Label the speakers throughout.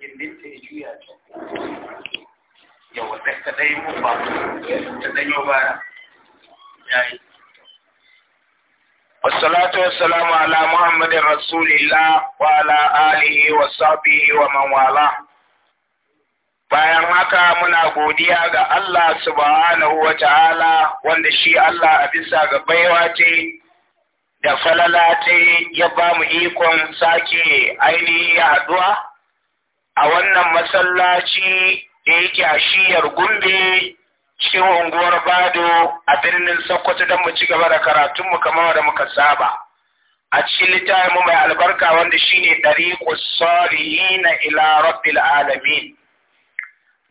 Speaker 1: gindinta ya juya ta yawa da ka dai mun ba ta danyo baya yayi والصلاة والسلام bayan haka muna godiya ga Allah subhanahu wa ta'ala wanda shi Allah a bisa ga baiwa ce da falala ce ya ba mu ikon sake ainihi ya haduwa a wannan masallaci da yake a shiyar gumbe cikin unguwar bado a birnin sokoto don mu ci gaba da karatunmu kamar da muka saba a cikin littafin mai albarka wanda shine dariqus na ila rabbil alamin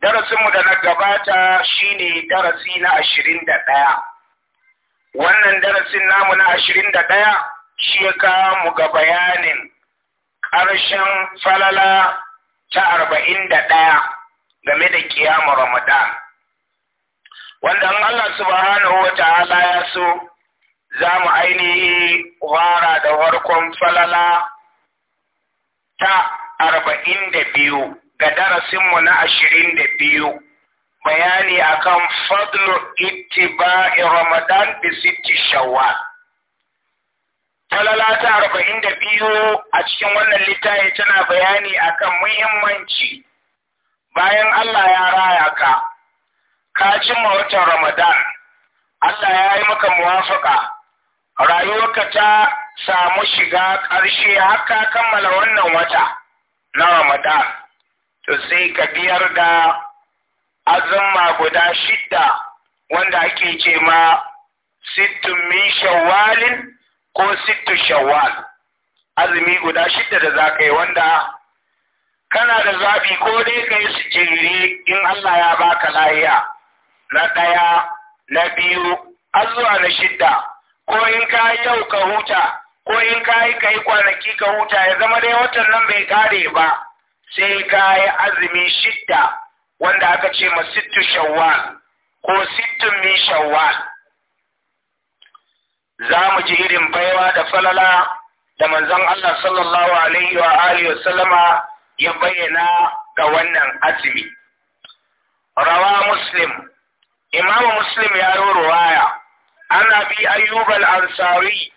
Speaker 1: darasinmu da na gabata shine darasi na ashirin da ɗaya. wannan darasin namu na ashirin da ɗaya shi ya kawo mu ga bayanin ƙarshen falala ta arba'in da ɗaya game da kiyama Ramadan. Wanda Allah subhanahu wa ta'ala ya so za mu ainihi fara da farkon falala ta arba'in da biyu ga darasinmu na ashirin da biyu bayani akan fadlu ittiba'i Ramadan bi sitti falala ta arba'in da biyu a cikin wannan littafi tana bayani akan muhimmanci bayan Allah ya raya ka ka cimma watan Ramadan Allah ya yi maka muwafaka rayuwarka ta samu shiga ƙarshe har ka kammala wannan wata na Ramadan to sai ka biyar da azumma guda shidda wanda ake ce ma sittun min ko sittu shawwal azumi guda shidda da za yi wanda kana da zaɓi ko dai ka yi su in Allah ya baka lahiya na ɗaya na biyu har zuwa na shidda ko in ka yi yau ka huta ko in ka yi ka yi kwanaki ka huta ya zama dai watan nan bai kare ba sai ka yi azumi shidda wanda aka ce ma sittu shawwal ko sittun min shawwal za mu ji irin baiwa da falala da manzon Allah sallallahu alaihi wa alihi wa ya bayyana ga wannan azumi rawa muslim imam muslim ya ruwaya Ana bi ayyub al-ansari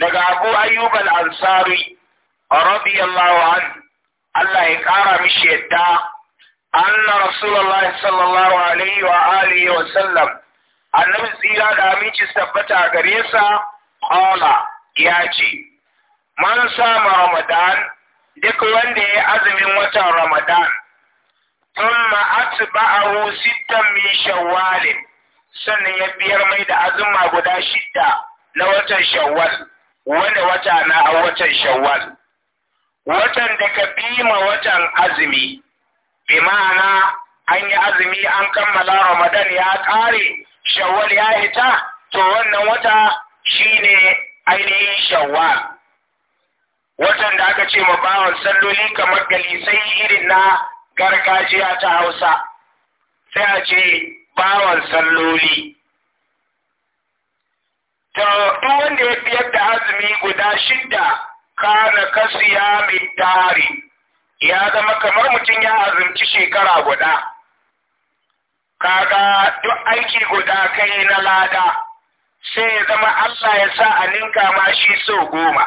Speaker 1: daga abu ayyub al-ansari radiyallahu an Allah ya kara mishi yadda anna rasulullahi sallallahu alaihi wa alihi wa sallam annabi tsira da aminci tabbata gare sa kola ya ce man sama ramadan duk wanda ya azumin watan ramadan thumma atba'ahu sittan min shawwalin sannan ya biyar mai da azuma guda shida na watan shawwal wani wata na a watan shawwal watan da ka ma watan azumi bi ma'ana an yi azumi an kammala ramadan ya ƙare shawwal ya hita to wannan wata shine ainihin shawwal watan da aka ce ma bawan salloli kamar galisai irin na gargajiya ta hausa sai a ce bawan salloli to duk wanda ya biyar da azumi guda shidda kana kasiya mai tari, ya zama kamar mutum ya azumci shekara guda kaga duk aiki guda kai na lada sai ya zama Allah ya sa a ninka ma shi sau goma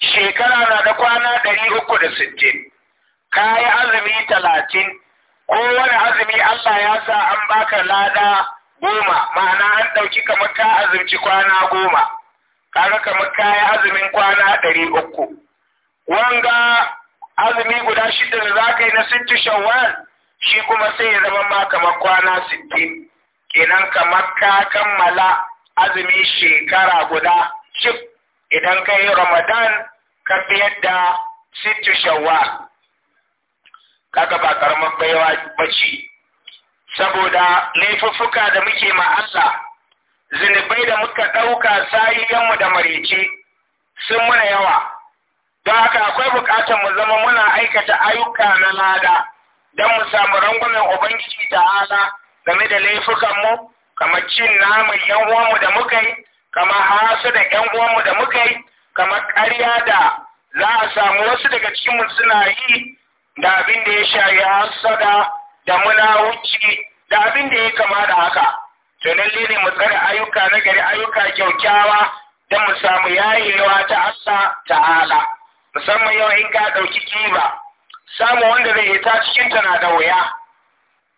Speaker 1: shekara na da kwana ɗari uku da sittin kayi azumi talatin kowane azumi Allah ya sa an baka lada goma ma'ana an ɗauki kamar ka azumci kwana goma kaga kamar yi azumin kwana ɗari uku wanga azumi guda shida da za ka yi na sittin shawwal shi kuma sai ya zama ma kamar kwana sittin kenan kamar ka kammala azumi shekara guda cif idan ka yi ramadan ka fi da sittu shawwa kaga ba karamar baiwa bace saboda laifuffuka da muke ma Allah zunubai da muka ɗauka sayiyanmu da marece sun muna yawa don haka akwai bukatar mu zama muna aikata ayyuka na lada don mu samu rangwamen Ubangiji ta'ala game da laifukanmu, kama cin nama ‘yan uwanmu da muka yi, kama hasu da ‘yan uwanmu da muka yi, kama ƙarya da za a samu wasu daga cikinmu suna yi da abin da ya sha ya hasada da wuce da abin da ya kama da haka. To lallai ne mu tsare ayyuka na gari ayyuka kyaukyawa don mu samu yayewa ta Allah ta'ala. Musamman yau in ka ɗauki kiba, samun wanda zai hita cikin ta na da wuya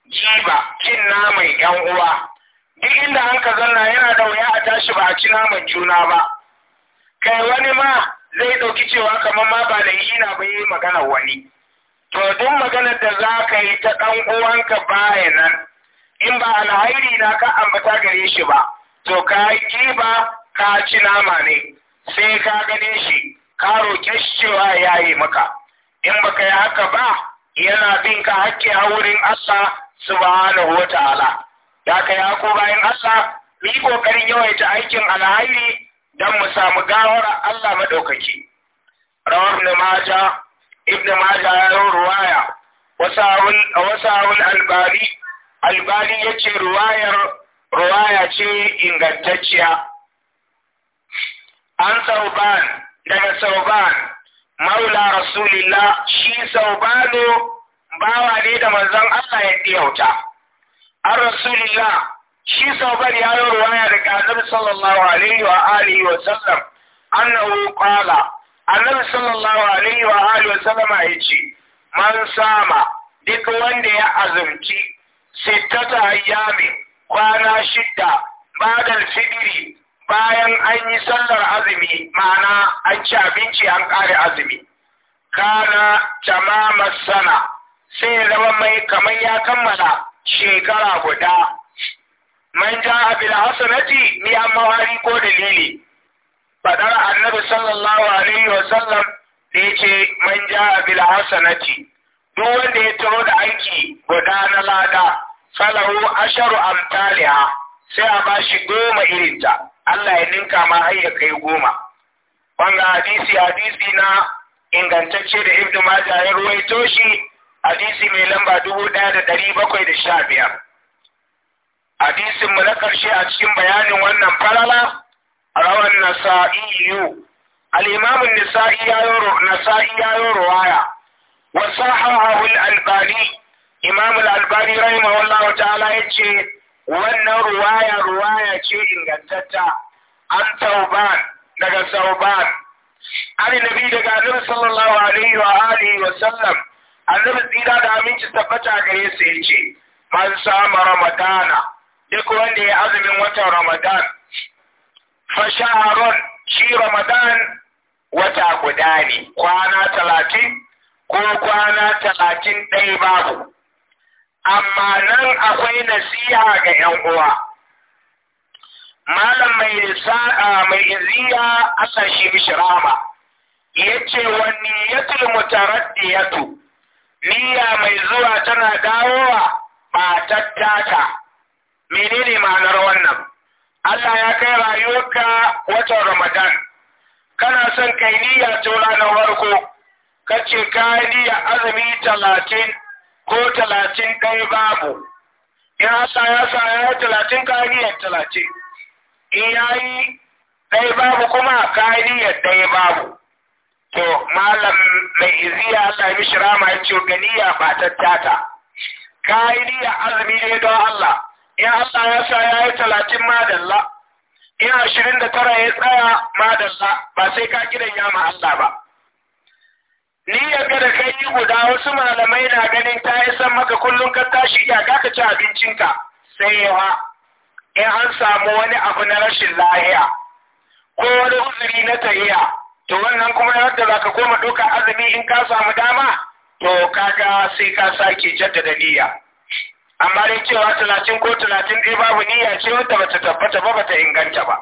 Speaker 1: jiba cin naman yan uwa duk inda an ka zanna yana da wuya a tashi ba a ci naman juna ba kai wani ma zai ɗauki cewa kamar ma ba da na ba yi magana wani to duk maganar da za ka yi ta ɗan uwanka baya nan
Speaker 2: in ba alhairi
Speaker 1: na ka ambata gare shi ba to ka yi ba ka ci nama ne sai ka gane shi ka roke shi cewa ya maka in baka yi haka ba yana bin ka hakki a wurin Allah subhanahu wataala ya ka ya ko bayan Allah mu yi kokarin yawaita aikin alhairi dan mu samu gawar Allah maɗaukaki. rawar ibn maja ibn maja ya ruwaya wasawun wasawun albani albani yace ruwayar ruwaya ce ingantacciya an sauban daga sauban maula rasulillah shi saubano bawa ne da manzon Allah ya ɗiyauta. An rasulillah shi sau bani ya yi ruwaya daga annabi sallallahu alaihi wa alihi wa sallam annahu qala annabi sallallahu alaihi wa alihi wa sallam ya ce man sama duk wanda ya azumci sittata ayyami kwana shidda ba da fidiri bayan an yi sallar azumi ma'ana an ci abinci an ƙare azumi kana tamama sana sai ya zama mai kamar ya kammala shekara guda man ja bil hasanati ni amma wari ko dalili fadar annabi sallallahu alaihi wa sallam da yace man ja bil hasanati duk wanda ya taro da aiki guda na lada falahu asharu amtaliha sai a bashi goma irinta Allah ya ninka ma har ya kai goma wannan hadisi hadisi na ingantacce da Ibn Majah ya ruwaito shi hadisi mai lamba dubu ɗaya da ɗari bakwai da sha biyar hadisin mu na ƙarshe a cikin bayanin wannan falala rawan nasa'iyu al-imam an-nasa'i ya yoro nasa'i ya yoro waya wa albani imam albani ta'ala yace
Speaker 2: wannan ruwaya
Speaker 1: ruwaya ce ingantatta an tauban daga sauban
Speaker 2: an nabi daga annabi sallallahu alaihi
Speaker 1: wa alihi wa sallam annabi tsira da aminci tabbata gare su yace man sama ramadana duk wanda ya azumin watan ramadan fa shi ramadan wata guda ne kwana talatin ko kwana talatin ɗaya babu amma nan akwai nasiha ga ‘yan uwa. Malam mai mai iziya asan shi mishi rama, ya ce Wani wa niyyatul mutaraddiyatu, niyya mai zuwa tana dawowa ba tattata. Menene ma'anar wannan? Allah ya kai rayuwarka watan Ramadan, kana son kai niyya ta ranar farko, Ka ce ka niyya azumi talatin ko talatin ɗaya babu in hasa ya sa ya yi talatin kariyar talatin in ya yi ɗaya babu kuma kariyar ɗaya babu to malam mai iziya Allah ya shira ma ya ce ganiya ba tattata kariyar azumi ne don Allah in hasa ya sa ya yi talatin madalla in ashirin da tara ya tsaya madalla ba sai ka kiran ya ma Allah ba niyyar ga da kai yi guda wasu malamai na ganin ta yi san maka kullum ka tashi ya ka ci abincinka sai yawa in an samu wani abu na rashin lahiya ko wani uzuri na tahiya to wannan kuma yadda za ka koma dokar azumi in ka samu dama to kaga sai ka sake jaddada niyya amma dai cewa talatin ko talatin ɗaya babu niyya ce wadda bata tabbata ba bata inganta ba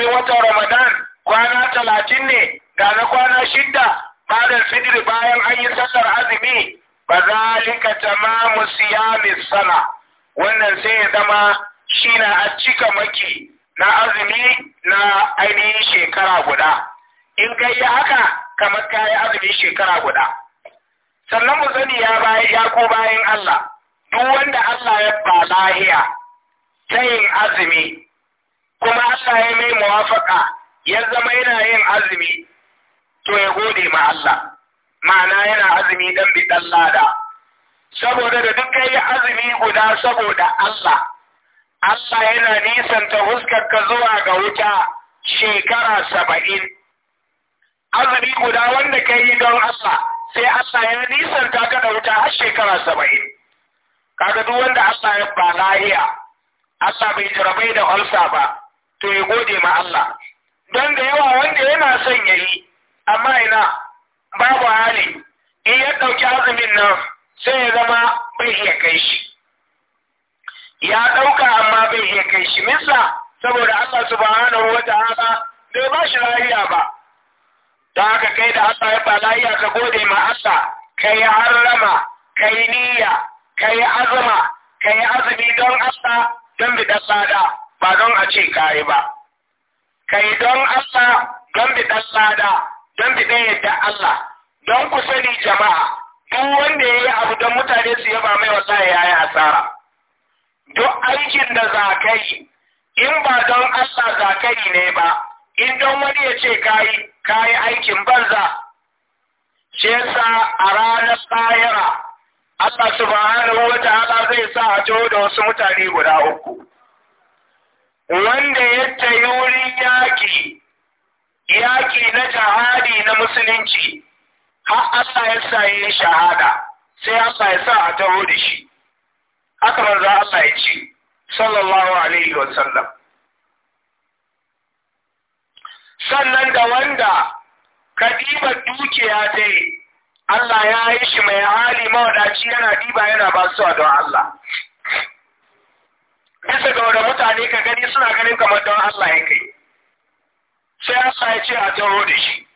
Speaker 1: azumin watan Ramadan kwana talatin ne ga na kwana shidda bada sidiri bayan an yi sallar azumi ba za mu siya siyamis sana wannan sai ya zama shi na a cika maki na azumi na ainihin shekara guda in kai yi haka kamar ka yi azumi shekara guda sannan mu sani ya bayan ya ko bayan Allah duk wanda Allah ya ba lahiya ta yin azumi kuma Allah ya mai muwafaka ya zama yana yin azumi to ya gode ma Allah ma'ana yana azumi dan bi dan lada saboda da duk kai azumi guda saboda Allah Allah yana nisanta huskar ka zuwa ga wuta shekara saba'in azumi guda wanda ka yi don Allah sai Allah ya nisanta ka da wuta har shekara saba'in kaga duk wanda Allah ya ba lahiya Allah bai jarabai da ulsa ba to ya gode ma Allah don da yawa wanda yana son ya yi amma ina babu hali in ya ɗauki azumin nan sai ya zama bai iya kai shi ya ɗauka amma bai iya kai shi misa saboda Allah subhanahu wata ta'ala bai ba shi lafiya ba da haka kai da Allah ya ba lafiya ka gode ma Allah kai harrama kai niyya kai azuma kai azumi don Allah don bi da tsada ba don a ce kayi ba kai don Allah don bi ɗan lada don bi yadda Allah don ku sani jama'a duk wanda ya yi abu don mutane su yaba mai wallahi ya yi asara duk aikin da za ka yi in ba don Allah za ka yi ne ba in don wani ya ce kayi kayi aikin banza Shesa, sa a ranar tsayara Allah subhanahu wa ta'ala zai sa a da wasu mutane guda uku wanda ya tayi wurin yaƙi yaƙi na jihadi na musulunci har Allah ya yi shahada sai Allah ya sa a taho da shi haka ban za Allah ya ce sallallahu alaihi wa sallam sannan da wanda kadibar dukiya ta yi Allah ya yi shi mai hali mawadaci yana diba yana ba su don Allah bisa ga wanda mutane ka gani suna ganin kamar don Allah ya kai sai Allah ya ce a taho da shi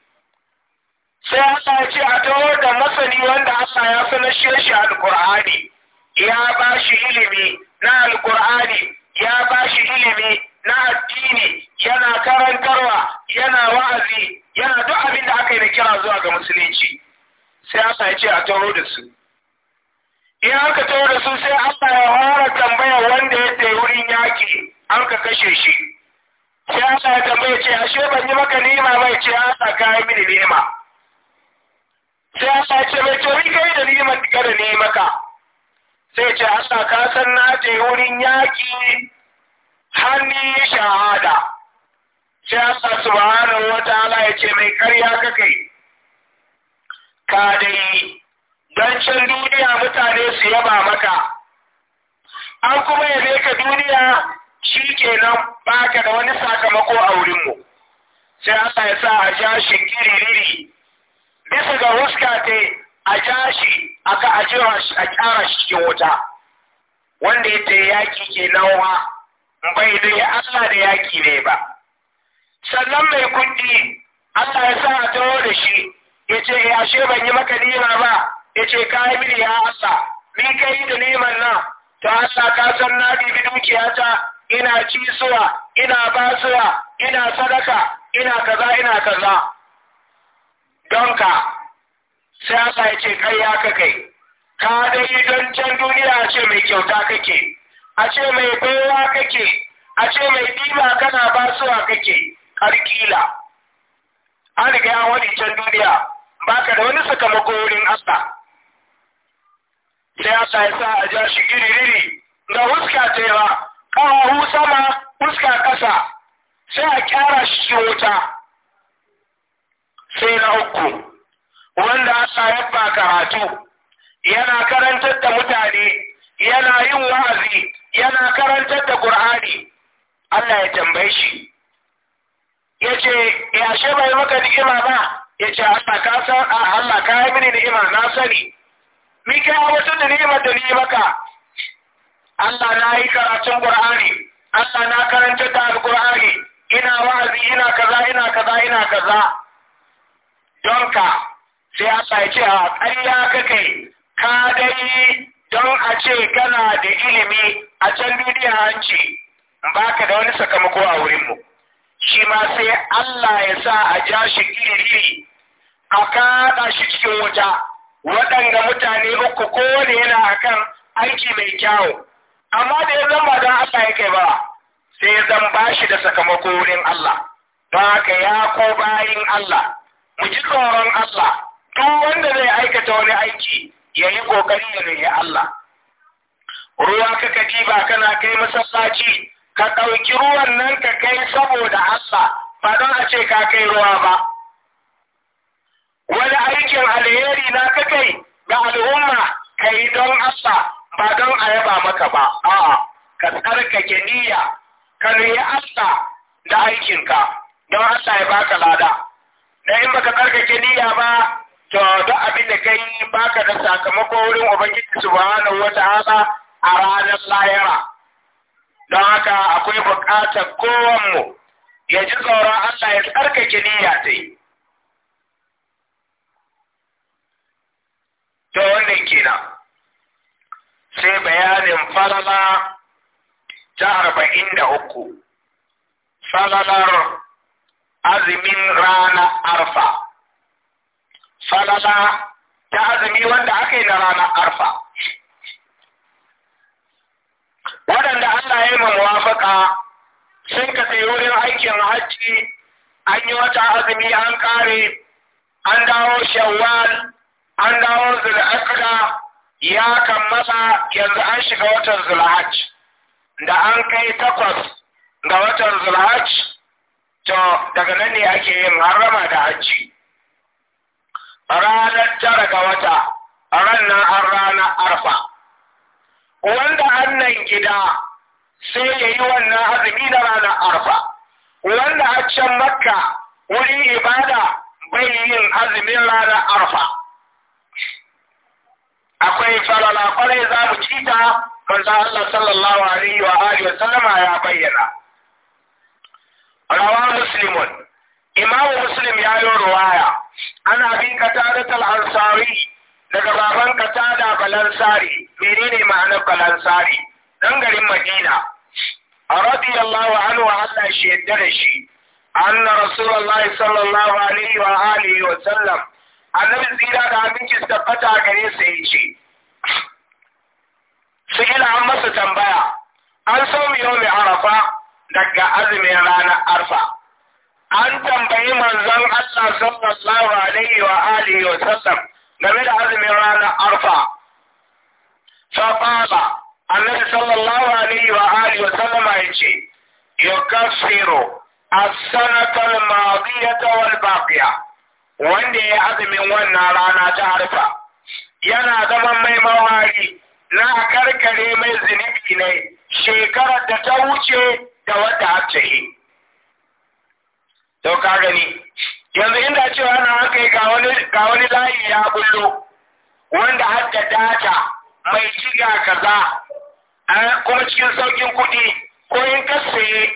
Speaker 1: sai Allah ya ce a taho da masani wanda Allah ya sanar shi alkur'ani ya ba shi ilimi na alkur'ani ya ba shi ilimi na addini yana karantarwa yana wa'azi yana duk abin da aka yi da kira zuwa ga musulunci sai Allah ya ce a taho da su in aka tawo da su sai Allah ya fara tambaya wanda ya tsaye wurin yaki an ka kashe shi sai Allah ya tambaya ce ashe ban yi maka ni'ima ba ce Allah ka yi mini ni'ima sai Allah ya ce mai to ni kai da ni'imar da kada ne maka sai ce Allah ka san na tsaye wurin yaki hanni shahada sai Allah subhanahu wataala ya ce mai karya kakai ka dai don can duniya mutane su yaba maka an kuma yabe ka duniya shi kenan baka da wani sakamako a wurinmu sai Allah ya sa a ja shi giririri bisa ga huska ta a ja shi aka ajiyar a kyara shi cikin wuta wanda ya ta yaki ke nawa bai da ya Allah da yaki ne ba sannan mai kundi Allah ya sa a taho da shi ya ce ya eh, ban yi maka nima ba ya ce ka yi mini ya Allah ni ka yi da neman nan to Allah ka san na bibi dukiyata ina ci suwa ina basuwa ina sadaka ina kaza ina kaza don ka sai Allah ya ce kai ya ka kai ka dai don can duniya a ce mai kyauta kake a ce mai baiwa kake a ce mai ɗiba kana basuwa kake ƙarƙila an riga wani can duniya baka da wani sakamako wurin Allah Allah ya sa a ja shi iri-iri ga huska ta yawa sama huska ƙasa sai a kyara shi wuta sai na uku wanda Allah ya ba karatu yana karantar da mutane yana yin wa'azi yana karantar da Ƙur'ani. Allah ya tambaye shi Ya ce, ya shi bai maka ni'ima ba yace Allah ka san Allah ka yi mini ni'ima na sani mi wasu wata da nema da ni maka Allah na yi karatun Qur'ani
Speaker 2: Allah na karanta da al
Speaker 1: ina wa'azi ina kaza ina kaza ina kaza don ka sai Allah ya ce a ƙarya kai ka dai don a ce kana da ilimi a can duniya an ce ba ka da wani sakamako a wurinmu shi ma sai Allah ya sa a ja shi iri a kaɗa shi cikin wuta waɗanda mutane uku ko kowane yana kan aiki mai kyawu amma da ya zama don Allah ya kai ba sai ya zan bashi da sakamako wurin Allah Ba ka ya ko bayin Allah mu ji tsoron Allah duk wanda zai aikata wani aiki ya yi ƙoƙari ya nuhi Allah ruwa ka kaji ba kana kai masallaci ka ɗauki ruwan nan ka kai saboda Allah ba don a ce ka kai ruwa ba wani aikin alheri na ka kai ga al'umma ka yi don asa ba don a yaba maka ba a'a ka tsarkake niyya ka nuyi Allah da aikinka don Allah ya baka lada da in baka tsarkake niyya ba to duk abin da kai baka da sakamako wurin ubangiji subhanahu wata'ala a ranar lahira don haka akwai bukatar kowanmu ya ji tsoron Allah ya tsarkake niyya ta yi ta wannan kenan sai bayanin falala ta arba'in da uku falalar azumin rana arfa falala ta azumi wanda aka yi na ranar arfa waɗanda Allah ya yi muwafaka sun ka sai wurin aikin hajji
Speaker 2: an yi wata azumi an ƙare,
Speaker 1: an dawo shawwal an dawo zul'aqda ya kammala yanzu an shiga watan zulhajj da an kai takwas ga watan zulhajj to daga nan ne ake yin harama da hajji ranar tara ga wata ranar an ranar arfa wanda annan gida sai ya yi wannan azumi na ranar arfa wanda a can makka wuri ibada bai yin azumin ranar arfa
Speaker 2: kwarai za mu ci
Speaker 1: ta manzo Allah sallallahu alaihi wa alihi wa sallama ya bayyana rawa muslimun imam muslim ya yi ruwaya ana bin qatada al-ansari daga baban qatada balansari menene ma'anar balansari dan garin madina radiyallahu anhu Allah shi yadda da shi anna rasulullahi sallallahu alaihi wa alihi wa sallam annabi zira da aminci tabbata gare yi yace su'ila an masa tambaya an sau yau arafa daga azumin ranar arfa an tambayi manzon Allah sallallahu alaihi wa alihi wa sallam game da azumin ranar arfa fa qala annabi sallallahu alaihi wa alihi wa sallama yace yukaffiru as-sanata al-madiyata wal baqiya wanda ya azumin wannan rana ta arfa yana zaman mai mawaki na karkare mai zinabi ne shekarar da ta wuce da wata ta yi. To ka gani, yanzu inda cewa ana haka ga wani layi ya bullo wanda har da data mai giga kaza kuma cikin saukin kuɗi ko in ka saye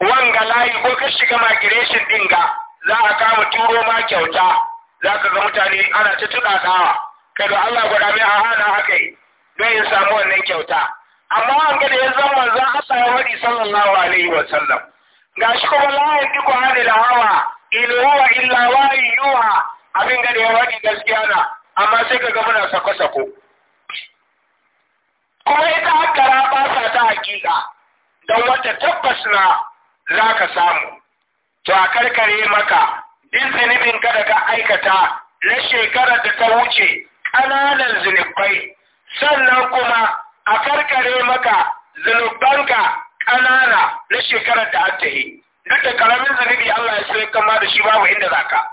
Speaker 1: wanga layi ko ka shiga makireshin dinga za a kama turo ma kyauta za ka ga mutane ana ta tuɗaɗawa. kada Allah gwada mai a hana haka yi don in samu wannan kyauta amma an gada da ya zama za a tsaya wani sallallahu yi wa sallam shi kuma la yantiku da hawa in huwa illa yuwa abin ga ya wani gaskiya na amma sai kaga muna sako sako kuma ita hakkara ba sa ta hakika don wata tabbas na za ka samu to a karkare maka din zanibin ka da ka aikata na shekarar da ta wuce ƙananan zunubai sannan kuma a karkare maka zunubanka ƙanana na shekarar da aka yi duk da ƙaramin zunubi Allah ya sai kama da shi babu inda za ka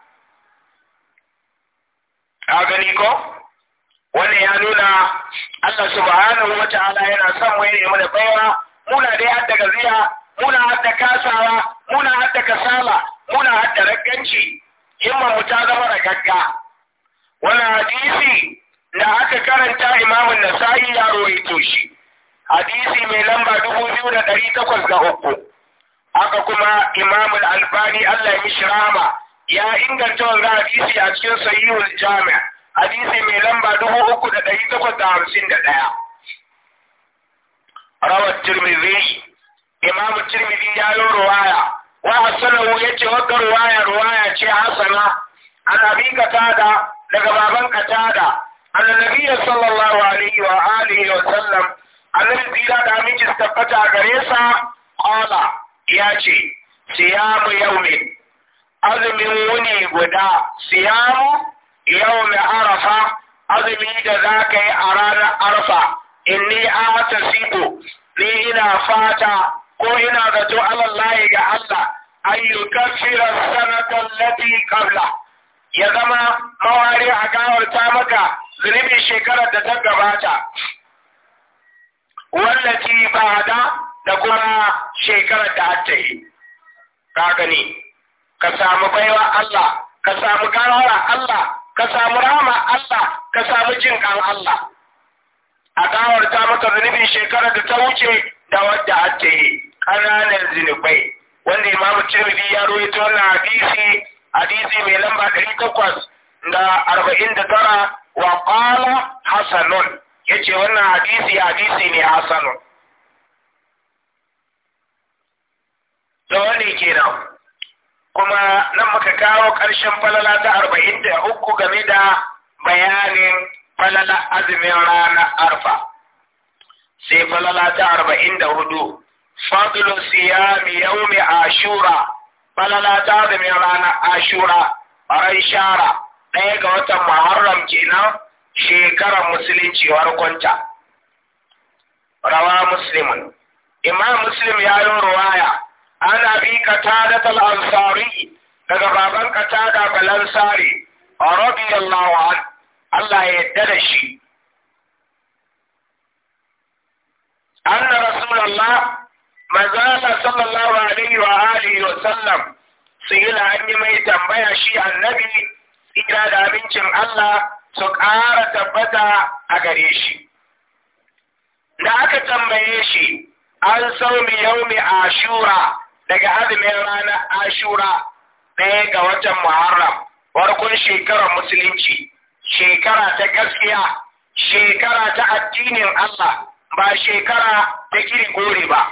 Speaker 1: a gani ko wannan ya nuna
Speaker 2: Allah subhanahu wa ta'ala yana son wani ne mana baiwa
Speaker 1: muna dai har da gaziya muna har da kasawa muna har da kasala muna har da ragganci yamma mu ta zama ragagga Wani hadisi da aka karanta imamun nasa'i ya rawaito shi. Hadisi mai lamba dubu biyu da ɗari takwas da uku. Haka kuma imamun albani Allah ya mishi rama ya inganta wanzu hadisi a cikin sahihul jami'a. Hadisi mai lamba dubu uku da ɗari takwas da hamsin da ɗaya. Rawar Tirmidhi, Imamu Tirmidhi ya yi ruwaya
Speaker 2: wa ya yace wakar ruwaya ruwaya
Speaker 1: ce hasana an ka tada? daga baban katada annabi sallallahu alaihi wa alihi wa sallam annabi zira da miji tabbata a gare sa qala ya ce siyamu yaumin azumin wuni guda siyamu
Speaker 2: yaumin arafa
Speaker 1: azumi da za ka yi a ranar arfa inni atasibu ni ina fata ko ina zato alallahi ga Allah ayyukan firar sanatan lati qabla ya zama mawari a gawarta maka zunubin shekarar da ta gabata wallaci ba da da kuma shekarar da ta yi ka gani ka samu baiwa Allah ka samu gawara Allah ka samu rama Allah ka samu jin kan Allah a gawarta maka zunubin shekarar da ta wuce da wadda ta yi ƙananan zunubai wanda imamu tirmidhi ya rawaito wannan hadisi hadisi mai lamba ɗari takwas da arba'in da tara wa ƙala hasanun ya ce wannan hadisi hadisi ne hasanun da wani nan. kuma nan muka kawo ƙarshen falala ta arba'in da uku game da
Speaker 2: bayanin
Speaker 1: falala azumin rana arfa sai falala ta arba'in da hudu fadlu siyami yaumi ashura falala ta da mai ranar ashura ran shara ɗaya ga watan muharram kenan shekarar musulunci warkonta rawa muslimun imam muslim ya yi ruwaya ana bi katada al-ansari daga baban katada balansari radiyallahu anhu Allah ya yarda da shi anna rasulullah mazala sallallahu alaihi wa alihi wa sallam su yi an yi mai tambaya shi annabi ina da abincin Allah su ƙara tabbata a gare shi da aka tambaye shi an yau mi ashura daga azumin ranar ashura ɗaya ga watan muharram farkon shekarar musulunci shekara ta gaskiya shekara ta addinin Allah ba shekara ta kiri gore ba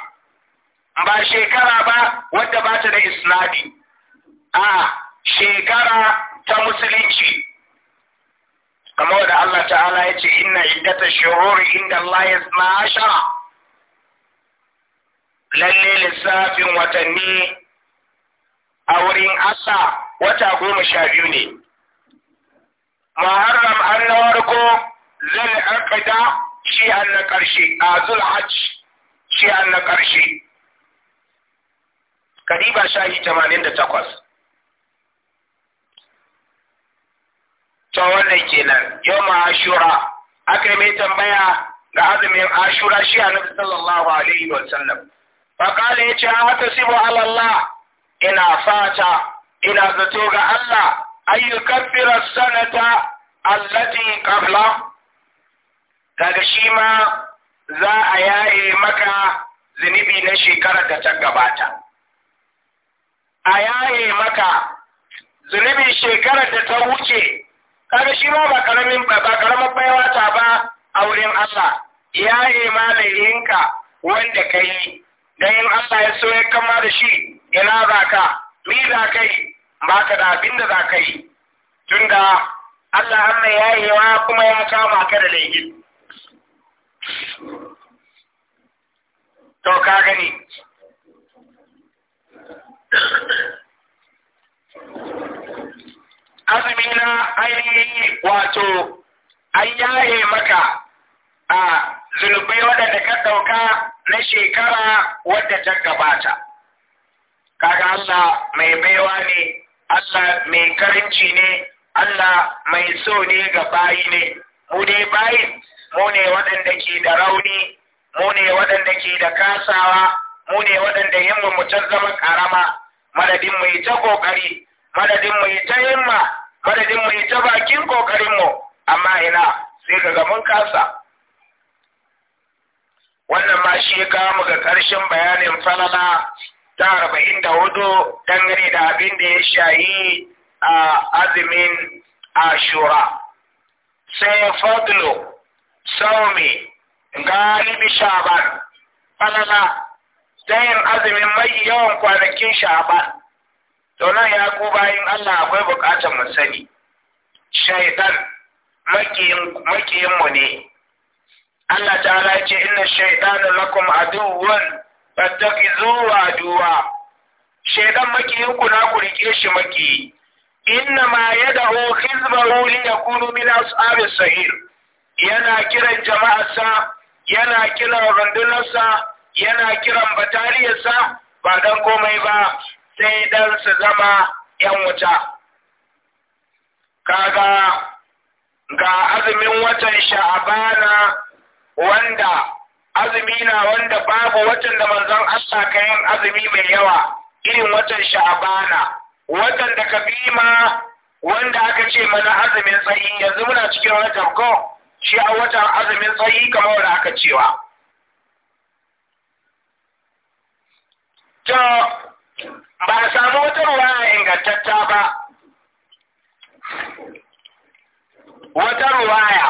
Speaker 1: ba shekara ba wadda ba ta da isnadi a shekara ta musulunci kamar da Allah ta'ala ya ce inna iddata shuhuri inda Allah ya ashara lalle lissafin watanni a wurin asa wata goma sha biyu ne muharram an na warko zai arƙada shi an na ƙarshe a zulhaj shi an na ƙarshe kadiba shahi da to wannan kenan ma ashura yi mai tambaya ga azumin ashura shi nufi sallallahu alaihi wa sallam ya ce yace hata sibu ala alallah ina fata ina zato ga Allah kafira sanata allati qabla kaga shi ma za a yaye maka zunubi na shekarar da ta gabata a yaye maka zunubin shekarar da ta wuce kaga shi ma ba karamin ba baiwa ta ba a wurin Allah yaye ma yinka wanda ka yi dan in Allah ya so ya kama da shi ina za ka mi za ka yi ba ka da abin da za ka yi tunda Allah amma yayewa kuma ya kama ka da laifi. to ka gani azumi na ainihin wato an yaye maka a zunubai waɗanda ka ɗauka na shekara wadda ta gabata. Kaga Allah mai baiwa ne, Allah mai karinci ne, Allah mai so ne ga bayi ne, mu ne bayin, mu ne waɗanda ke da rauni, mu ne waɗanda ke da kasawa, mu ne waɗanda yin mu ta zama ƙarama. madadin mu yi kokari madadin mu yi ta himma madadin mu yi bakin kokarin mu amma ina sai ga mun kasa wannan ma shi ya kawo mu ga karshen bayanin falala ta arba'in da hudu dangane da abin da ya shayi a azumin ashura sai fadlo saumi galibi shaban falala ta yin azumin mai yawan kwanakin sha'aban to nan ya ku bayan Allah akwai bukatar mu sani shaitan makiyin mu ne Allah Ta ya ce inna shaytana lakum aduwwan fattakizuhu aduwa shaitan makiyin ku na ku rike shi maki inna ma yad'u hizbahu li yakunu min ashabis sahir yana kiran jama'arsa yana kiran rundunarsa yana kiran bataliyarsa ba don komai ba sai don su zama ‘yan wuta. Kaga ga azumin watan sha'abana wanda azumi na wanda babu watan da manzon Allah ka yin azumi mai yawa irin watan sha'abana watan da kabima wanda aka ce mana azumin tsayi yanzu muna cikin watan ko shi a watan azumin tsayi kamar wanda aka cewa. to ba a samu wata a ingantatta ba wata ruwaya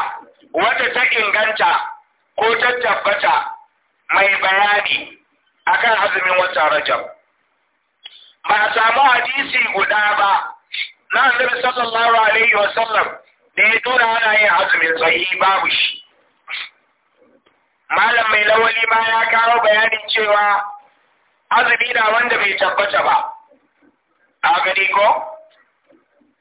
Speaker 1: wata ta inganta ko ta tabbata mai bayani akan azumin wata rajab ba a samu hadisi guda ba na annabi sallallahu alaihi wa sallam da ya tura ana yin azumin tsayi babu shi malam mai lawali ma ya kawo bayanin cewa azumi na wanda bai tabbata ba a gani ko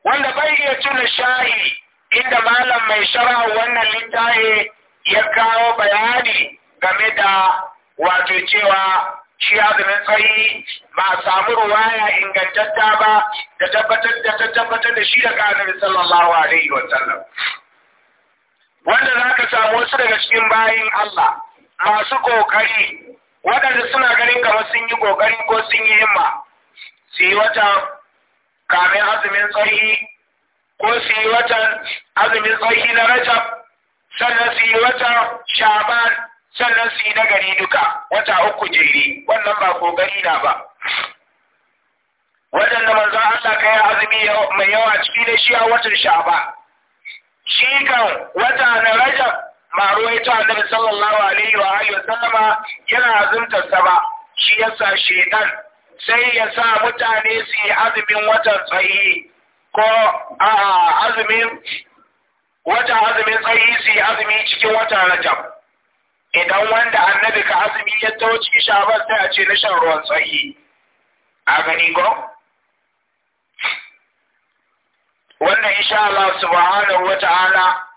Speaker 1: wanda bai iya tuna shayi inda malam mai shara wannan littafi ya kawo bayani game da wato cewa shi azumin tsayi ba a samu ruwaya ingantatta ba da tabbatar da ta tabbatar da shi da ƙanar sallallahu alaihi wa sallam wanda za ka samu wasu daga cikin bayin Allah masu ƙoƙari. waɗanda suna ganin kamar sun yi ƙoƙari ko sun yi himma su yi watan kamin azumin tsarki ko su yi watan azumin tsarki na rajab sannan su yi watan shaban sannan su yi nagari duka wata uku jere wannan ba ƙoƙari na ba waɗanda manzon Allah kai azumi mai yawa ciki da shi a watan shaban shi kan wata na rajab ya ta annabi sallallahu alaihi wa alihi wasallama yana azumtar sa ba shi yasa shedan sai ya sa mutane su yi azumin watan tsayi ko a azumin wata azumin tsayi su yi azumi cikin wata rajab idan wanda annabi ka azumi ya taho cikin shaban sai a ce na shan ruwan tsayi a gani ko wannan insha Allah subhanahu wa ta'ala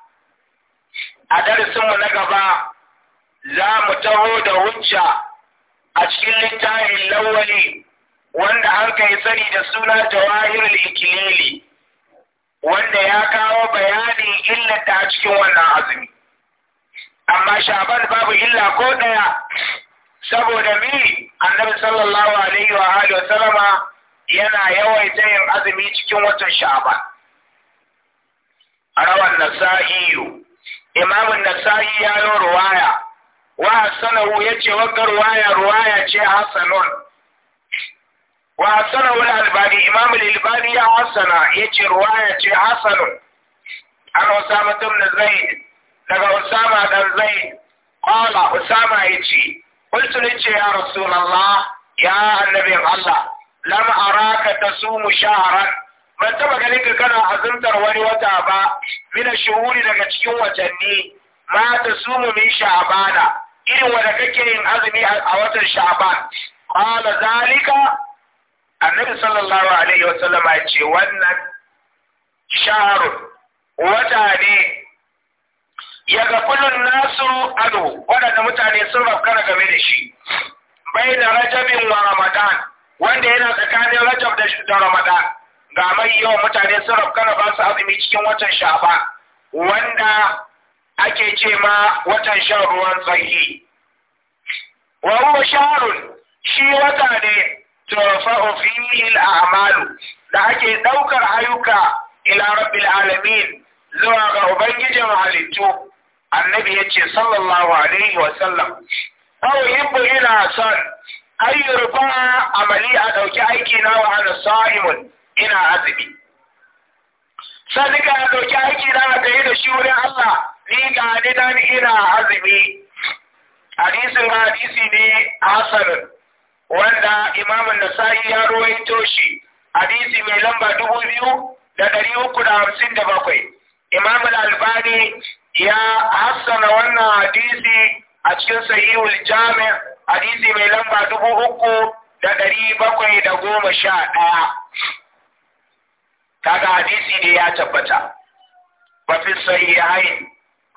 Speaker 1: a darasinmu na gaba za mu taho da hujja a cikin littafin lawali wanda an kai sani da suna jawahirul ikilili wanda ya kawo bayani illata a cikin wannan azumi amma shaban babu illa ko daya saboda mi annabi sallallahu alaihi wa alihi wasallama yana yawaita yin azumi cikin watan sha'ban rawan nasa'iyu imam imamun nasa'i ya yi ruwaya wa hasanahu ya ce wagga ruwaya ruwaya ce hasanun wa hasanahu al-albani imamul albani ya hasana ya ce ruwaya ce hasanun an usama ibn zaid daga usama dan zaid qala usama yace qultu nace ya rasulullah ya annabi allah lam araka tasumu shahran ban taba ganin ka kana azumtar wani wata ba mina shuhuri daga cikin watanni ma ta sumu min sha'bana irin wanda kake yin azumi a watan sha'ban qala zalika annabi sallallahu alaihi wasallam ya ce wannan sha'ru wata ne ya kullun nasu ado waɗanda mutane sun rafkara game da shi bai da rajabin wa ramadan wanda yana tsakanin rajab da ramadan ga mai yawan mutane sun rafkana ba su azumi cikin watan shafa wanda ake ce ma watan shan ruwan tsaki wa sharon shi wata ne tofa ofinil a amalu da ake ɗaukar ayyuka ila rabbil alamin zuwa ga ubangijin halittu annabi ya ce, sallallahu alaihi wa sallam aw yibbu son ayyurfa amali a ɗauki aiki na wa sa'imun ina azumi sai ya dauki aiki da aka yi da shi wurin Allah ni ga ni dan ina azumi hadisin hadisi ne hasan wanda Imam Nasa'i ya ruwaito shi hadisi mai lamba dubu biyu da ɗari uku da hamsin da bakwai Imam Al-Albani ya hassana wannan hadisi a cikin sahihul jami hadisi mai lamba dubu uku da ɗari bakwai da goma sha ɗaya kaga hadisi ne ya tabbata Ba fi sahihain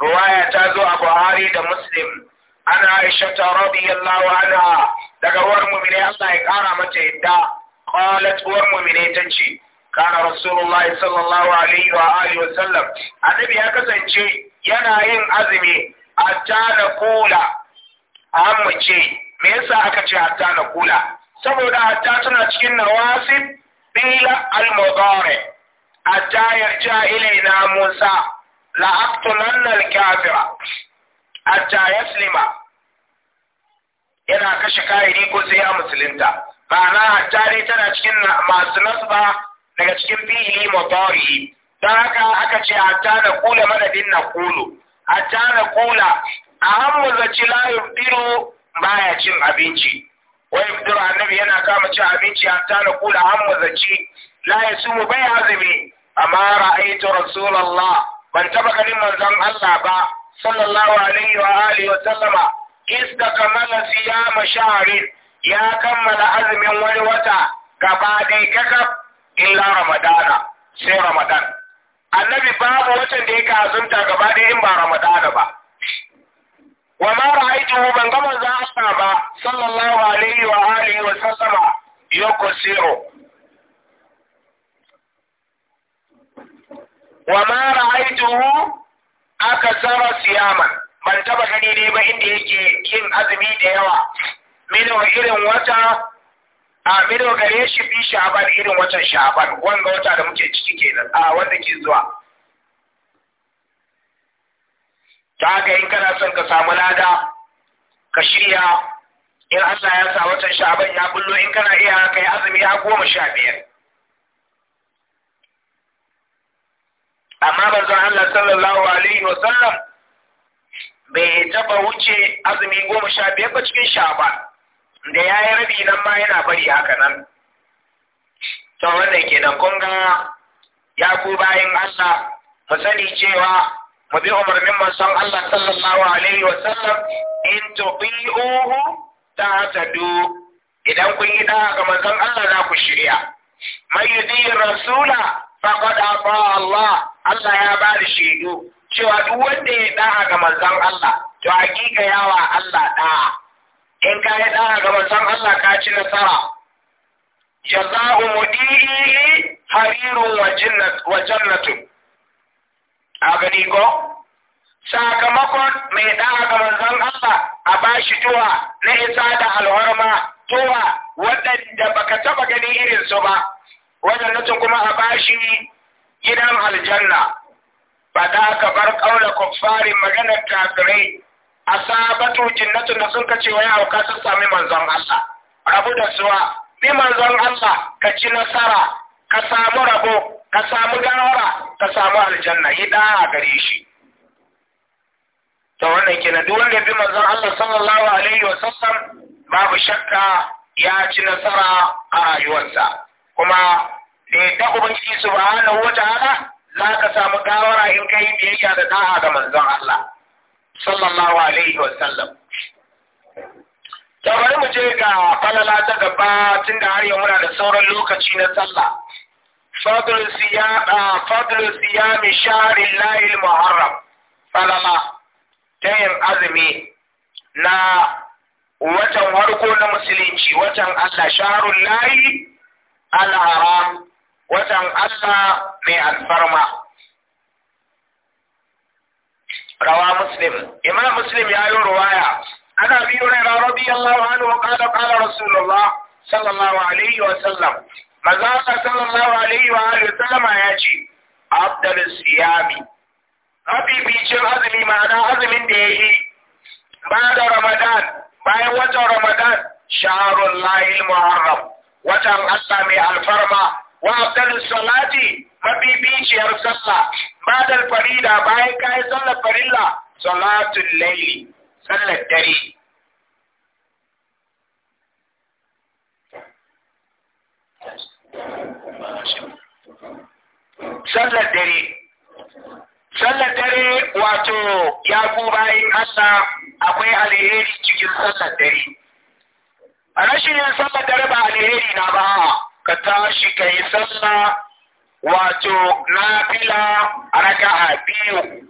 Speaker 1: ruwaya ta zo a Buhari da Muslim Ana Aisha ta radiyallahu ana. daga uwar mu'mini Allah ya kara mata yadda qalat uwar mu'mini tace kana rasulullahi sallallahu alaihi wa alihi wa sallam annabi ya kasance yana yin azumi hatta na kula an mu ce me yasa aka ce hatta na kula saboda hatta tana cikin nawasin bila almubare. hatta yarja ilaina Musa la aqtulanna al-kafira yana kashe kairi ko sai ya musulunta ma'ana hatta dai tana cikin masu nasba daga cikin fi'ili mudari don haka aka ce hatta na kula madadin na kulu hatta na kula a hannu zaci la biro baya cin abinci wai yubdiru annabi yana kama cin abinci hatta na kula hannu zaci la ya bai azumi amma ra'aitu rasulullah ban taba ganin manzon Allah ba sallallahu alaihi wa alihi wa sallama istakamala siyama shahrin ya kammala azumin wani wata gaba dai kakaf illa ramadana sai ramadan annabi babu watan da yake azumta gaba dai in ba ramadana ba wa ma ra'aytuhu ban ga manzon Allah ba sallallahu alaihi wa alihi wa sallama yakusiru wa ma ra'aituhu akasara siyaman ban taba gani ne ba inda yake yin azumi da yawa mino irin wata a mino gare shi fi sha'ban irin watan sha'ban wanga wata da muke ciki kenan a wanda ke zuwa ta haka in kana son ka samu lada ka shirya in Allah ya sa watan sha'ban ya bullo in kana iya kai azumi ya goma sha biyar amma manzon Allah sallallahu alaihi wa sallam bai taba wuce azumi goma sha biyar ba cikin sha'ban da ya yi rabi nan ma yana bari haka nan to wannan nan kun ga ya ku bayan Allah mu sani cewa mu bi umarnin manzon Allah sallallahu alaihi wa sallam in tuqi'uhu tahtadu idan kun yi da'a ga manzon Allah za ku shirya mai yudi rasula faqad ata Allah Allah ya ba da shaidu cewa duk wanda ya da'a ga manzon Allah to hakika yawa Allah da'a in ka yi da'a ga manzon Allah ka ci nasara jaza'u mudihi harirun wa jannat wa jannatun a gani ko sakamakon mai da'a ga manzan Allah a bashi tuwa na isa da alhorma tuwa waɗanda baka taɓa gani irin su ba waɗanda kuma a bashi gidan aljanna ba da ka bar kaula kuffari maganar kafirai asabatu jinnatu da sun kace wai hauka sun sami manzon Allah rabu da suwa bi manzon Allah ka ci nasara ka samu rabo ka samu gawara ka samu aljanna hida a gare shi to wannan kenan duk wanda bi manzon Allah sallallahu alaihi wa sassan babu shakka ya ci nasara a rayuwarsa kuma da eh, yadda ubangiji subhanahu Wata zaka za ka samu gawara in ka yi biyayya da da'a ga manzon Allah sallallahu alaihi wa sallam bari mu je ga falala ta gaba tun da har yau muna da sauran lokaci na sallah fadl siyada fadl siyam shahr al muharram falala tayin azumi na watan harko na musulunci watan Allah shahrul lahi al haram watan Allah mai alfarma
Speaker 2: rawa مسلم
Speaker 1: imam مسلم ya yi ruwaya أنا أبي هريرة رضي الله عنه قال قال رسول الله صلى الله عليه وسلم مزاق صلى الله عليه وآله وسلم يجي عبد الصيام ربي بيشن أزمي معنا أزم ديه بعد رمضان بعد وجه رمضان شهر الله المحرم وجه الأسلام الفرما wa abdal salati mabibiciyar sallah da farida bayan kayan sallar farilla salatul laili sallar dare sallar dare
Speaker 2: sallar dare wato ya ku bayan
Speaker 1: asa akwai alheri cikin sallar dare rashin yin sallar dare ba alheri na ba ka tashi ka yi sallah wato raka a biyu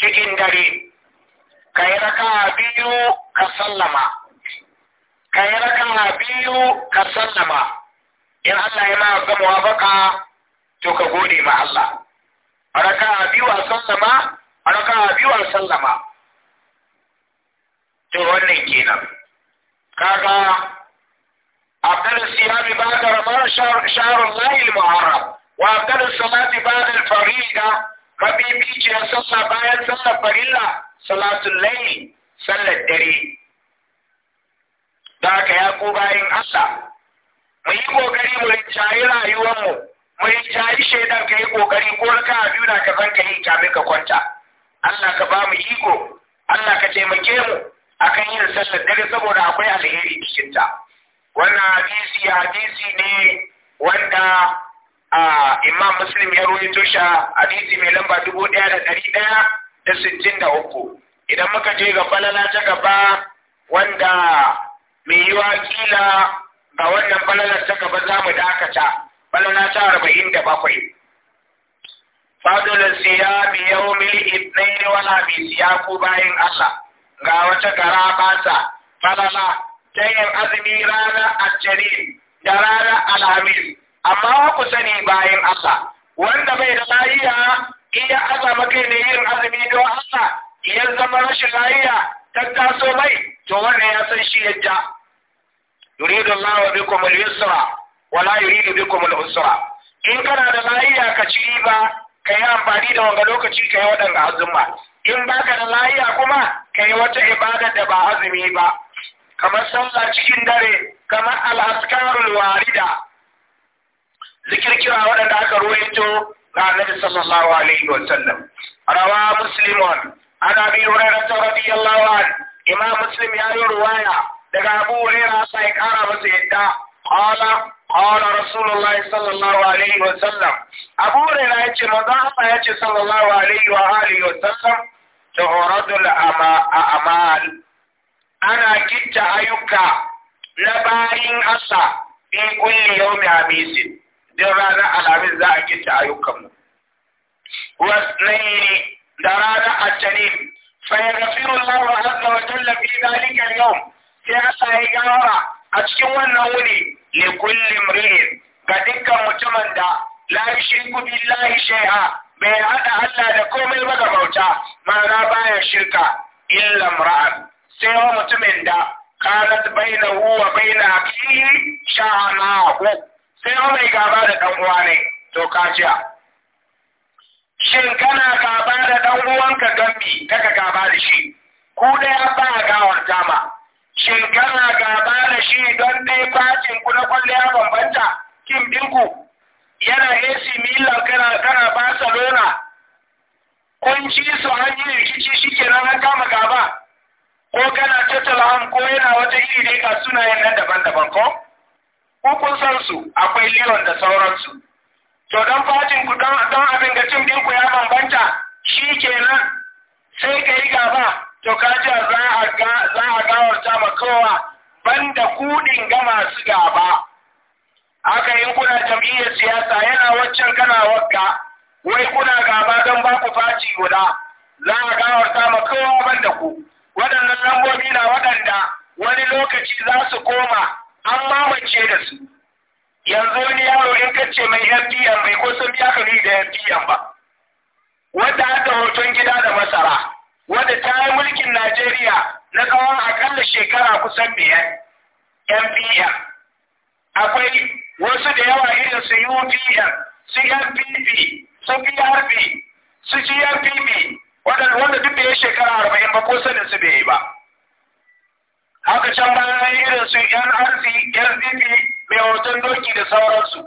Speaker 1: cikin dare ka yi a biyu ka sallama ka yi a biyu ka sallama in Allah ya ma gama baka to ka gode ma Allah a biyu a sallama a biyu a sallama to wannan kenan kaga أقل الصيام بعد رمضان شهر, شهر الله المحرم وأقل الصلاة بعد الفريضة mafi bici ya sallah bayan sallar farilla salatul layli sallar dare يا haka إن أسا bayan Allah mu yi kokari mu rayuwarmu mu rinjayi shaidan ka yi ƙoƙari ko raka biyu na ka zan yi kamin ka kwanta Allah ka ba mu iko Allah ka taimake mu a kan yin sallar dare saboda akwai alheri cikinta. wannan hadisi hadisi ne wanda a imam muslim ya ruwaito shi hadisi mai lamba dubu ɗaya da ɗari ɗaya da sittin da uku idan muka je ga falala ta gaba wanda mai yi kila ga wannan falalar ta gaba za mu dakata falala ta arba'in da bakwai fadolin siya bi mili mil ne wala bi siya ko bayan Allah ga wata gara basa falala jayar yin azumi Rana ashirin da Rana alhamis amma ku sani bayan Allah wanda bai da layiya iya azama kai ne yin azumi don Allah ya zama rashin layiya ta taso mai to wanda ya san shi yadda yuridu Allah bikum al-yusra wa la yuridu bikum al-usra in kana da layiya ka ci riba ka yi amfani da wanga lokaci ka yi waɗanda azumma in baka da layiya kuma ka yi wata ibada da ba azumi ba kamar sallah cikin dare kamar al'askarul warida zikirkira waɗanda aka ruwaito ga annabi sallallahu alaihi wa sallam rawa muslimun ana bi hurairah radiyallahu an imam muslim ya yi ruwaya daga abu hurairah sai ya kara masa yadda qala qala rasulullahi sallallahu alaihi wa sallam abu hurairah ce manzo Allah yace sallallahu alaihi wa alihi wa sallam tuhradul amal ana kitta ayyuka na bayin asa in kulli yawmi hamisin din ranar alhamis za a kitta ayyukanmu wasnaini da ranar fa yaghfiru Allahu azza wa jalla fi dhalika al-yawm fi Allah ya a cikin wannan wuni ne kulli mri'in ga dukkan mutumin da la yushriku billahi shay'a bai hada Allah da komai ba ga bauta ma baya shirka illa imra'an sai mutumin da kanat hu wa baina akihi sha'anahu sai mai gaba da dan uwa ne to kaciya shin kana gaba da dan uwanka gambi kaka gaba da shi ku daya ba gawar ma shin kana gaba da shi don ne bacin ku na kwalle ya bambanta kin binku yana AC Milan kana kana Barcelona kun ci su an yi rikici nan an kama gaba ko kana an ko yana wata iri dai ga sunayen nan daban-daban ko ko kun san su akwai liyon da sauransu to dan fatin ku dan dan abin ga cin ku ya bambanta kenan sai kai gaba to ka ji za a ga za a ma kowa banda kudin ga masu gaba haka in kuna jam'iyyar siyasa yana waccan kana wakka wai kuna gaba don ba ku faci guda za a ta ma kowa banda ku waɗannan lambobi na waɗanda wani lokaci za su koma an mamace da su yanzu wani yaro in ka ce mai MPM bai ko sun biya ka da MPM ba wadda aka hoton gida da masara wadda ta yi mulkin Najeriya na tsawon akalla shekara kusan biyar MPM akwai wasu da yawa irin su UPM su fpp su PRP su gfpp wanda duk da ya shekara arba'in ba ko sanin su bai yi ba haka can bayan irin su yan arzi yan zibi mai hoton doki da sauransu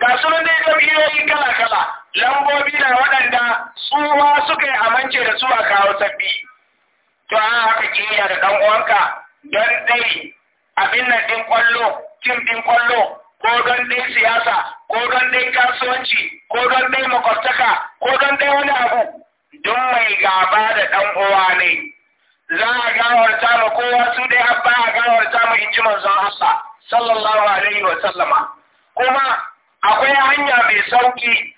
Speaker 1: ga su nan dai jam'iyyoyi kala kala lambobi na waɗanda tsuwa suka yi amince da su a kawo sabbi to an haka kiyaye da ɗan uwanka don dai abin nan ɗin kwallo tim ɗin kwallo ko don dai siyasa ko don dai kasuwanci ko don dai makwabtaka ko don dai wani abu don mai gaba da ɗan uwa ne za a gawarta ma kowa wasu dai abba a gawarta mu in ji manzon Allah sallallahu alaihi wa sallama kuma akwai hanya mai sauki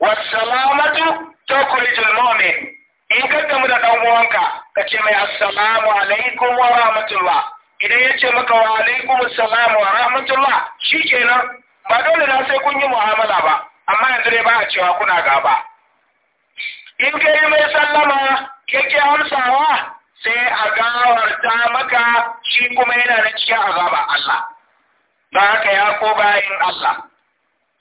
Speaker 1: wassalamatu tukhrijul mu'min in ka gamu da ɗan uwanka ka ce mai assalamu alaikum wa rahmatullah idan ya ce maka wa alaikum assalam wa rahmatullah kenan ba dole na sai kun yi mu'amala ba amma yanzu dai ba a cewa kuna gaba in ka yi mai sallama yake amsawa sai a gawarta maka shi kuma yana da cikin azaba Allah ba haka ya ko bayan Allah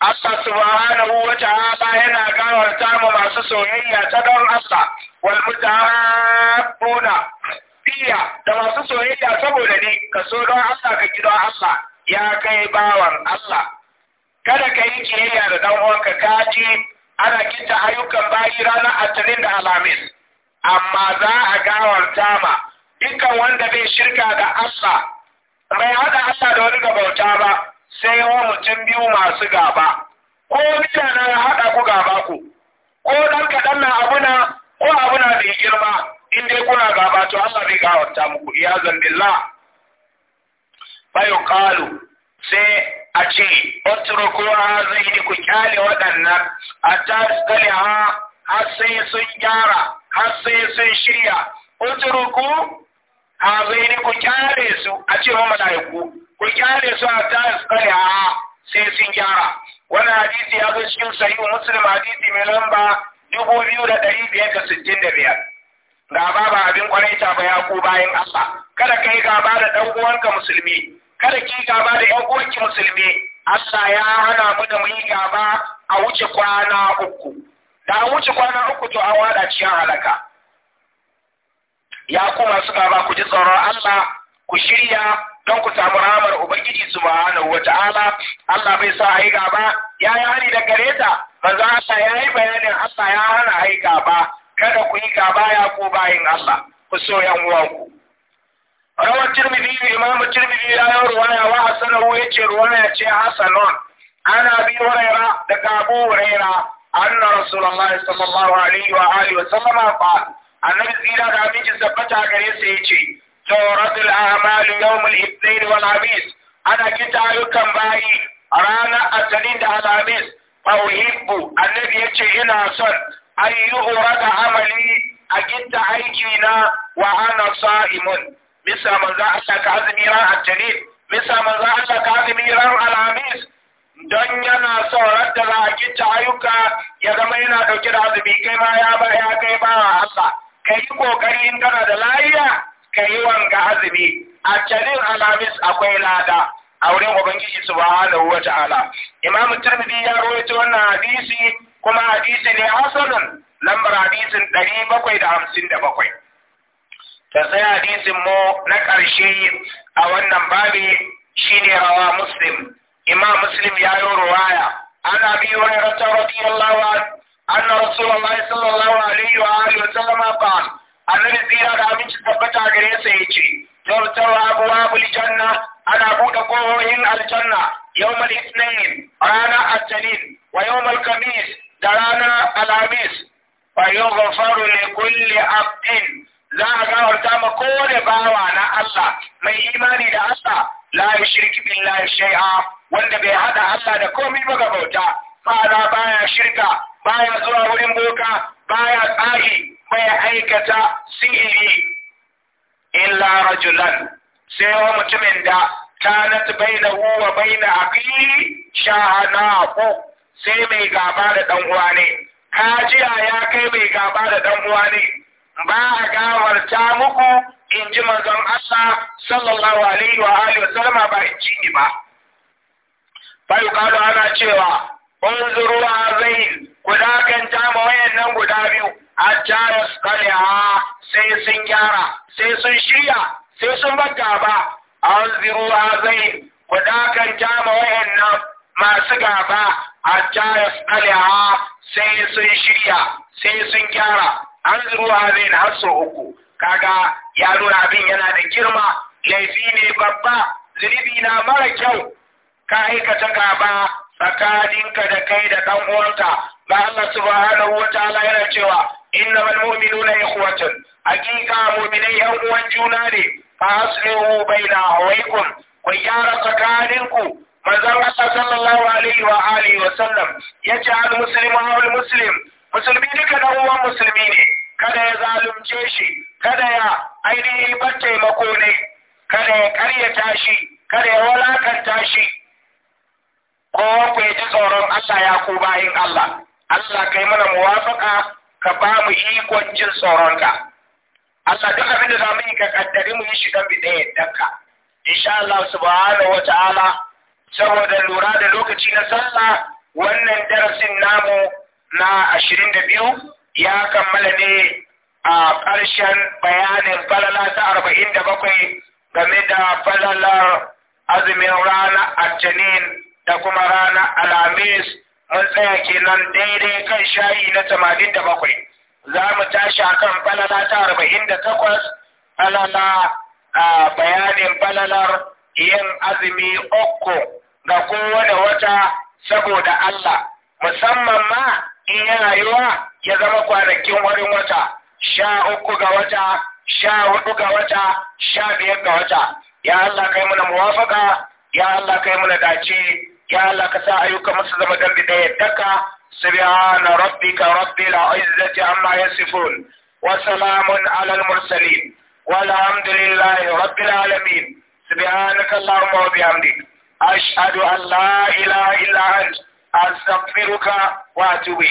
Speaker 1: Allah subhanahu wa ta'ala yana gawarta mu masu soyayya ta don Allah wal mutahabbuna fiya da masu soyayya saboda ne ka so don Allah ka gido Allah ya kai bawan Allah kada ka yi kiyayya da dan uwanka kaji ana kinta ayyukan bayi ranar Attanin da Alhamis, amma za a gawar tama dukkan wanda bai shirka da Allah, bai haɗa Allah da wani gabauta ba, sai yawan mutum biyu masu gaba, ko bisa na haɗa ku gaba ku, ko ɗan kaɗan na abuna ko abuna bai girma, in dai kuna gaba to Allah bai gawarta muku, iya zambilla. Bayo kalu sai a ce zai yi ku kyale waɗannan a tasdali ha har sai sun gyara har sai sun shirya otruku yi ku kyale su a ce wa mala'iku ku kyale su a tasdali ha sai sun gyara wani hadisi ya zo cikin sahihu muslim hadisi mai lamba dubu biyu da ɗari biyar da sittin da biyar gaba ba abin kwanaita ba ya ku bayan asa kada kai gaba da ɗan uwanka musulmi kada ki gaba da ƴan uwanki musulmi Allah ya hana mu da mu yi gaba a wuce kwana uku da an wuce kwana uku to an wada ciya halaka ya kuma su gaba ku ji tsoron Allah ku shirya don ku samu ramar ubangiji subhanahu wata'ala Allah bai sa ayi gaba ya yi hani da gare ta manzo Allah ya yi bayanin Allah ya hana ayi gaba kada ku yi gaba ya ku bayin Allah ku so yan uwanku rawar tirmidhi imam tirmidhi ya yi ruwaya wa hasanahu yace ruwaya ce hasanun ana bi huraira daga abu huraira anna rasulullahi sallallahu alaihi wa alihi wa sallama qala annabi tsira da aminci sabbata gare sa yace tawratul a'mal yawm al-ithnain wal khamis ana kita ayyukan bayi ranar asalin da alhamis fa uhibbu annabi ce ina son ayyuhu rada amali a gitta aiki na wa ana sa'imun bisa manza Allah ka azumi ran bisa ka alhamis don yana son radda za a ayyuka ya zama yana dauke da azumi kai ma ya ba ya kai ba Allah ka yi kokari in kana da layiya ka yi wanga azumi attanin alhamis akwai lada a wurin ubangiji subhanahu wa ta'ala imam tirmidhi ya wannan hadisi kuma hadisi ne hasanun lambar hadisin bakwai. da tsaya hadisin mu na ƙarshe a wannan babi shine rawa muslim imam muslim ya yi ruwaya Ana biyu an abi hurairah radiyallahu anhu anna rasulullahi sallallahu alaihi wa alihi wa sallam a nan tsira da aminci tabbata gare sa yace tawtawa abwabul janna ana buɗe kohohin aljanna mal isnayin rana atalin wa mal kamis da rana alhamis fa gafaru ne kulle abdin za a Ko da bawa na Allah mai imani da Allah la yushriku billahi shay'a wanda bai hada Allah da komai ba ga bauta ba baya shirka baya zuwa wurin boka baya tsari bai aikata sihiri illa rajulan sai wa mutumin da kanat bainahu wa baina aqihi shahanahu sai mai gaba da dan uwa ne kajiya ya kai mai gaba da dan uwa ba a gawarta muku in ji manzon Allah sallallahu alaihi wa alihi wa sallama ba in ji ni ba fa yuqalu ana cewa unzuru zai guda dakanta ma wayannan guda biyu hatta yasqaliha sai sun gyara sai sun shirya sai sun baka ba unzuru zai guda dakanta ma wayannan masu gaba hatta yasqaliha sai sun shirya sai sun gyara an zuruwa abin har sau uku kaga ya nuna abin yana da girma laifi ne babba zunubi na mara kyau ka aikata ka ba tsakaninka da kai da ɗan uwanka ba Allah subhanahu wa ta'ala yana cewa innamal mu'minuna ikhwatun hakika mu'minai yan uwan juna ne fa aslihu baina hawaikum ku gyara tsakaninku manzon Allah sallallahu alaihi wa alihi wa sallam yace al muslimu al muslim musulmi duka dan uwan musulmi ne kada ya zalunce shi kada ya ainihin bar taimako ne kada ya karyata shi kada ya walakanta shi kowa ku ji tsoron Allah ya ku bayin Allah Allah kai mana muwafaka ka ba mu ikon jin ka Allah duk abin da zamu yi ka kaddari mu yi shi kan bidai yaddanka insha Allah subhanahu wataala saboda lura da lokaci na sallah wannan darasin namu na ashirin da biyu ya kammala ne a ƙarshen bayanin falala ta arba'in da bakwai game da falalar azumin rana janin da kuma rana Alhamis mun tsaya kenan daidai kan shayi na tamanin da bakwai. Za mu tashi a kan falala ta arba'in da takwas falala a bayanin falalar yin azumi uku ga kowane wata saboda Allah musamman ma in yana yiwa ya zama kwanakin wani wata sha uku ga wata sha hudu ga wata sha biyar ga wata ya Allah kai muna muwafaka ya Allah kai muna dace ya Allah ka sa ayyuka musu zama dambi da yaddaka subhana rabbika rabbil izzati amma yasifun wa salamun alal mursalin والحمد rabbil alamin subhanaka allahumma wa وبحمدك ashhadu an la ilaha illa anta astaghfiruka wa atubu